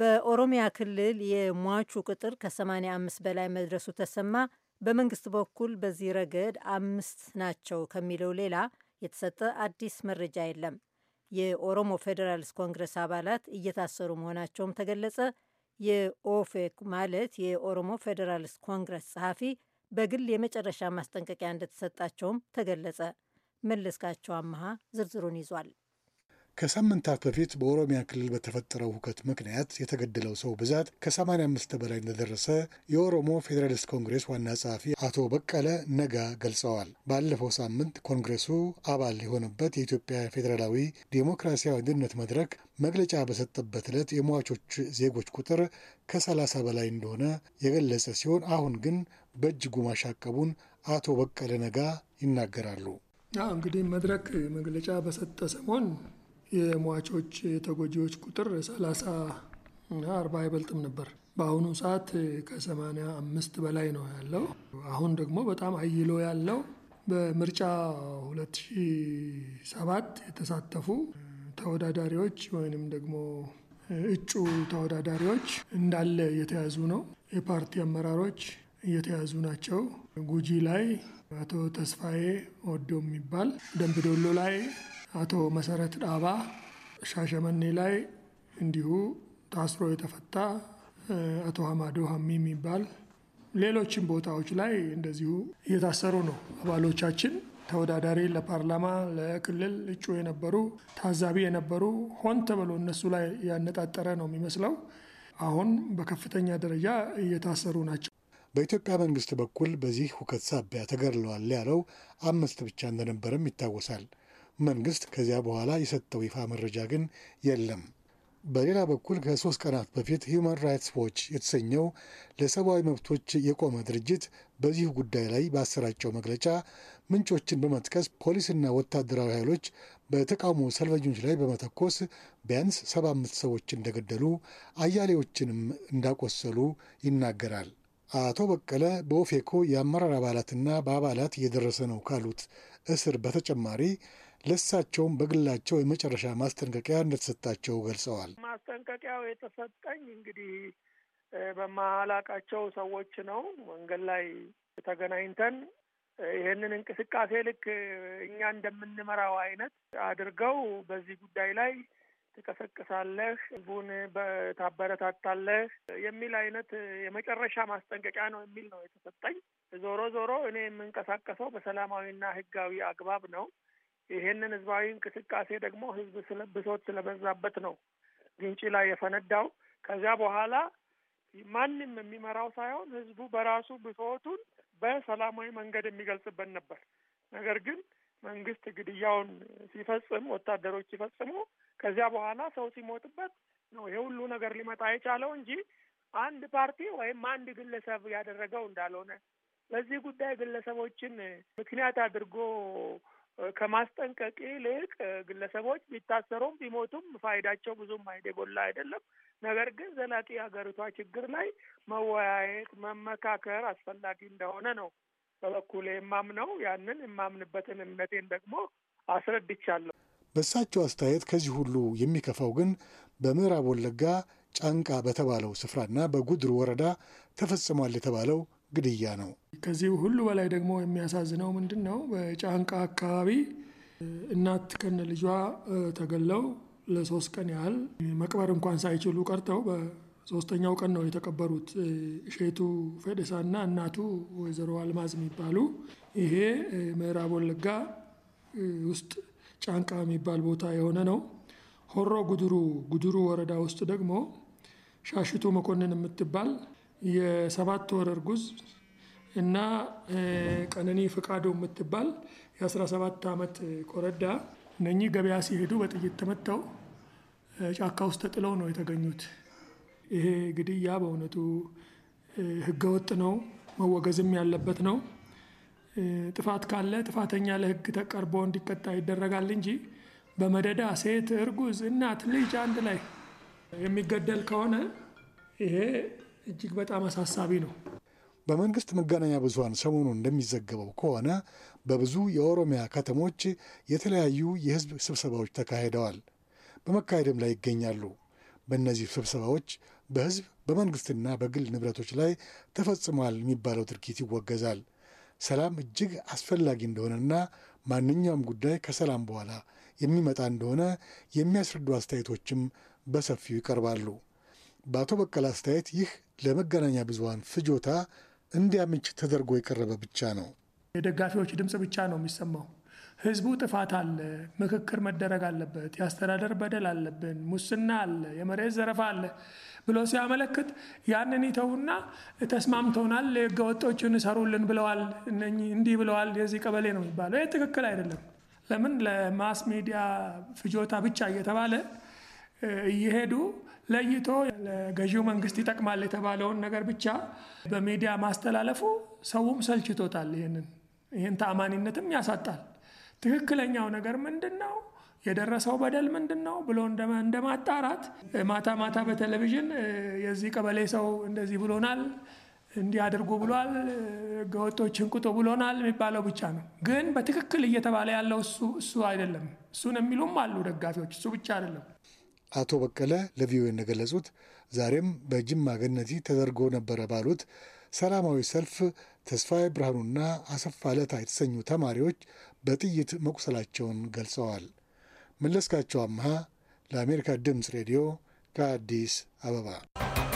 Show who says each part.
Speaker 1: በኦሮሚያ ክልል የሟቹ ቁጥር ከ85 በላይ መድረሱ ተሰማ። በመንግስት በኩል በዚህ ረገድ አምስት ናቸው ከሚለው ሌላ የተሰጠ አዲስ መረጃ የለም። የኦሮሞ ፌዴራልስ ኮንግረስ አባላት እየታሰሩ መሆናቸውም ተገለጸ። የኦፌክ ማለት የኦሮሞ ፌዴራልስ ኮንግረስ ጸሐፊ በግል የመጨረሻ ማስጠንቀቂያ እንደተሰጣቸውም ተገለጸ። መለስካቸው አመሃ ዝርዝሩን ይዟል።
Speaker 2: ከሳምንታት በፊት በኦሮሚያ ክልል በተፈጠረው ሁከት ምክንያት የተገደለው ሰው ብዛት ከ85 በላይ እንደደረሰ የኦሮሞ ፌዴራሊስት ኮንግሬስ ዋና ጸሐፊ አቶ በቀለ ነጋ ገልጸዋል። ባለፈው ሳምንት ኮንግሬሱ አባል የሆነበት የኢትዮጵያ ፌዴራላዊ ዴሞክራሲያዊ አንድነት መድረክ መግለጫ በሰጠበት ዕለት የሟቾች ዜጎች ቁጥር ከ30 በላይ እንደሆነ የገለጸ ሲሆን አሁን ግን በእጅጉ ማሻቀቡን አቶ በቀለ ነጋ ይናገራሉ።
Speaker 1: እንግዲህ መድረክ መግለጫ በሰጠ ሰሞን የሟቾች የተጎጂዎች ቁጥር 30 እና 40 አይበልጥም ነበር። በአሁኑ ሰዓት ከ አምስት በላይ ነው ያለው። አሁን ደግሞ በጣም አይሎ ያለው በምርጫ 2007 የተሳተፉ ተወዳዳሪዎች ወይም ደግሞ እጩ ተወዳዳሪዎች እንዳለ እየተያዙ ነው። የፓርቲ አመራሮች እየተያዙ ናቸው። ጉጂ ላይ አቶ ተስፋዬ ወዶ የሚባል ደንብ ዶሎ ላይ አቶ መሰረት ዳባ ሻሸመኔ ላይ እንዲሁ ታስሮ የተፈታ አቶ ሀማዶ ሀሚ የሚባል ሌሎችም ቦታዎች ላይ እንደዚሁ እየታሰሩ ነው። አባሎቻችን ተወዳዳሪ ለፓርላማ ለክልል እጩ የነበሩ ታዛቢ የነበሩ ሆን ተብሎ እነሱ ላይ ያነጣጠረ ነው የሚመስለው። አሁን በከፍተኛ ደረጃ እየታሰሩ ናቸው።
Speaker 2: በኢትዮጵያ መንግስት በኩል በዚህ ሁከት ሳቢያ ተገድለዋል ያለው አምስት ብቻ እንደነበረም ይታወሳል። መንግስት ከዚያ በኋላ የሰጠው ይፋ መረጃ ግን የለም። በሌላ በኩል ከሶስት ቀናት በፊት ሂዩማን ራይትስ ዎች የተሰኘው ለሰብአዊ መብቶች የቆመ ድርጅት በዚህ ጉዳይ ላይ ባሰራጨው መግለጫ ምንጮችን በመጥቀስ ፖሊስና ወታደራዊ ኃይሎች በተቃውሞ ሰልፈኞች ላይ በመተኮስ ቢያንስ ሰባ አምስት ሰዎች እንደገደሉ አያሌዎችንም እንዳቆሰሉ ይናገራል። አቶ በቀለ በኦፌኮ የአመራር አባላትና በአባላት እየደረሰ ነው ካሉት እስር በተጨማሪ ለሳቸውም በግላቸው የመጨረሻ ማስጠንቀቂያ እንደተሰጣቸው ገልጸዋል።
Speaker 3: ማስጠንቀቂያው የተሰጠኝ እንግዲህ በማላቃቸው ሰዎች ነው። መንገድ ላይ ተገናኝተን ይህንን እንቅስቃሴ ልክ እኛ እንደምንመራው አይነት አድርገው በዚህ ጉዳይ ላይ ትቀሰቅሳለህ፣ ህዝቡን ታበረታታለህ የሚል አይነት የመጨረሻ ማስጠንቀቂያ ነው የሚል ነው የተሰጠኝ። ዞሮ ዞሮ እኔ የምንቀሳቀሰው በሰላማዊና ህጋዊ አግባብ ነው። ይሄንን ህዝባዊ እንቅስቃሴ ደግሞ ህዝብ ብሶት ስለበዛበት ነው ግንጭ ላይ የፈነዳው። ከዚያ በኋላ ማንም የሚመራው ሳይሆን ህዝቡ በራሱ ብሶቱን በሰላማዊ መንገድ የሚገልጽበት ነበር። ነገር ግን መንግስት ግድያውን ሲፈጽም፣ ወታደሮች ሲፈጽሙ ከዚያ በኋላ ሰው ሲሞትበት ነው ይሄ ሁሉ ነገር ሊመጣ የቻለው እንጂ አንድ ፓርቲ ወይም አንድ ግለሰብ ያደረገው እንዳልሆነ በዚህ ጉዳይ ግለሰቦችን ምክንያት አድርጎ ከማስጠንቀቅ ይልቅ ግለሰቦች ቢታሰሩም ቢሞቱም ፋይዳቸው ብዙም ጎላ አይደለም። ነገር ግን ዘላቂ ሀገሪቷ ችግር ላይ መወያየት፣ መመካከር አስፈላጊ እንደሆነ ነው በበኩሌ የማምነው። ያንን የማምንበትን እምነቴን ደግሞ አስረድቻለሁ።
Speaker 2: በእሳቸው አስተያየት ከዚህ ሁሉ የሚከፋው ግን በምዕራብ ወለጋ ጫንቃ በተባለው ስፍራና በጉድር ወረዳ ተፈጽሟል የተባለው ግድያ ነው።
Speaker 1: ከዚህ ሁሉ በላይ ደግሞ የሚያሳዝነው ምንድን ነው? በጫንቃ አካባቢ እናት ከነ ልጇ ተገለው ለሶስት ቀን ያህል መቅበር እንኳን ሳይችሉ ቀርተው በሶስተኛው ቀን ነው የተቀበሩት። ሼቱ ፌደሳ እና እናቱ ወይዘሮ አልማዝ የሚባሉ ይሄ ምዕራብ ወለጋ ውስጥ ጫንቃ የሚባል ቦታ የሆነ ነው። ሆሮ ጉድሩ ጉድሩ ወረዳ ውስጥ ደግሞ ሻሽቱ መኮንን የምትባል የሰባት ወር እርጉዝ እና ቀነኒ ፍቃዱ የምትባል የ17 ዓመት ቆረዳ እነኚህ ገበያ ሲሄዱ በጥይት ተመተው ጫካ ውስጥ ተጥለው ነው የተገኙት። ይሄ ግድያ በእውነቱ ህገወጥ ነው፣ መወገዝም ያለበት ነው። ጥፋት ካለ ጥፋተኛ ለህግ ተቀርቦ እንዲቀጣ ይደረጋል እንጂ በመደዳ ሴት፣ እርጉዝ፣ እናት፣ ልጅ አንድ ላይ የሚገደል ከሆነ ይሄ እጅግ በጣም አሳሳቢ ነው።
Speaker 2: በመንግስት መገናኛ ብዙሀን ሰሞኑን እንደሚዘገበው ከሆነ በብዙ የኦሮሚያ ከተሞች የተለያዩ የህዝብ ስብሰባዎች ተካሂደዋል፣ በመካሄድም ላይ ይገኛሉ። በእነዚህ ስብሰባዎች በህዝብ በመንግስትና በግል ንብረቶች ላይ ተፈጽሟል የሚባለው ድርጊት ይወገዛል። ሰላም እጅግ አስፈላጊ እንደሆነና ማንኛውም ጉዳይ ከሰላም በኋላ የሚመጣ እንደሆነ የሚያስረዱ አስተያየቶችም በሰፊው ይቀርባሉ። በአቶ በቀለ አስተያየት ይህ ለመገናኛ ብዙሀን ፍጆታ እንዲያምንጭ ተደርጎ የቀረበ ብቻ ነው።
Speaker 1: የደጋፊዎች ድምፅ ብቻ ነው የሚሰማው። ህዝቡ ጥፋት አለ፣ ምክክር መደረግ አለበት፣ የአስተዳደር በደል አለብን፣ ሙስና አለ፣ የመሬት ዘረፋ አለ ብሎ ሲያመለክት ያንን ይተውና ተስማምተውናል፣ ህገወጦች እሰሩልን ብለዋል፣ እንዲህ ብለዋል፣ የዚህ ቀበሌ ነው የሚባለው። ይህ ትክክል አይደለም። ለምን ለማስ ሚዲያ ፍጆታ ብቻ እየተባለ እየሄዱ ለይቶ ለገዢው መንግስት ይጠቅማል የተባለውን ነገር ብቻ በሚዲያ ማስተላለፉ ሰውም ሰልችቶታል። ይህንን ይህን ተአማኒነትም ያሳጣል። ትክክለኛው ነገር ምንድን ነው? የደረሰው በደል ምንድን ነው ብሎ እንደማጣራት ማታ ማታ በቴሌቪዥን የዚህ ቀበሌ ሰው እንደዚህ ብሎናል፣ እንዲህ አድርጉ ብሏል፣ ህገወጦች እንቁጦ ብሎናል የሚባለው ብቻ ነው። ግን በትክክል እየተባለ ያለው እሱ እሱ አይደለም። እሱን የሚሉም አሉ ደጋፊዎች። እሱ ብቻ አይደለም።
Speaker 2: አቶ በቀለ ለቪኦኤ እንደገለጹት ዛሬም በጅማ ገነቲ ተደርጎ ነበረ ባሉት ሰላማዊ ሰልፍ ተስፋዬ ብርሃኑና አሰፋ ለታ የተሰኙ ተማሪዎች በጥይት መቁሰላቸውን ገልጸዋል። መለስካቸው አምሃ ለአሜሪካ ድምፅ ሬዲዮ ከአዲስ አበባ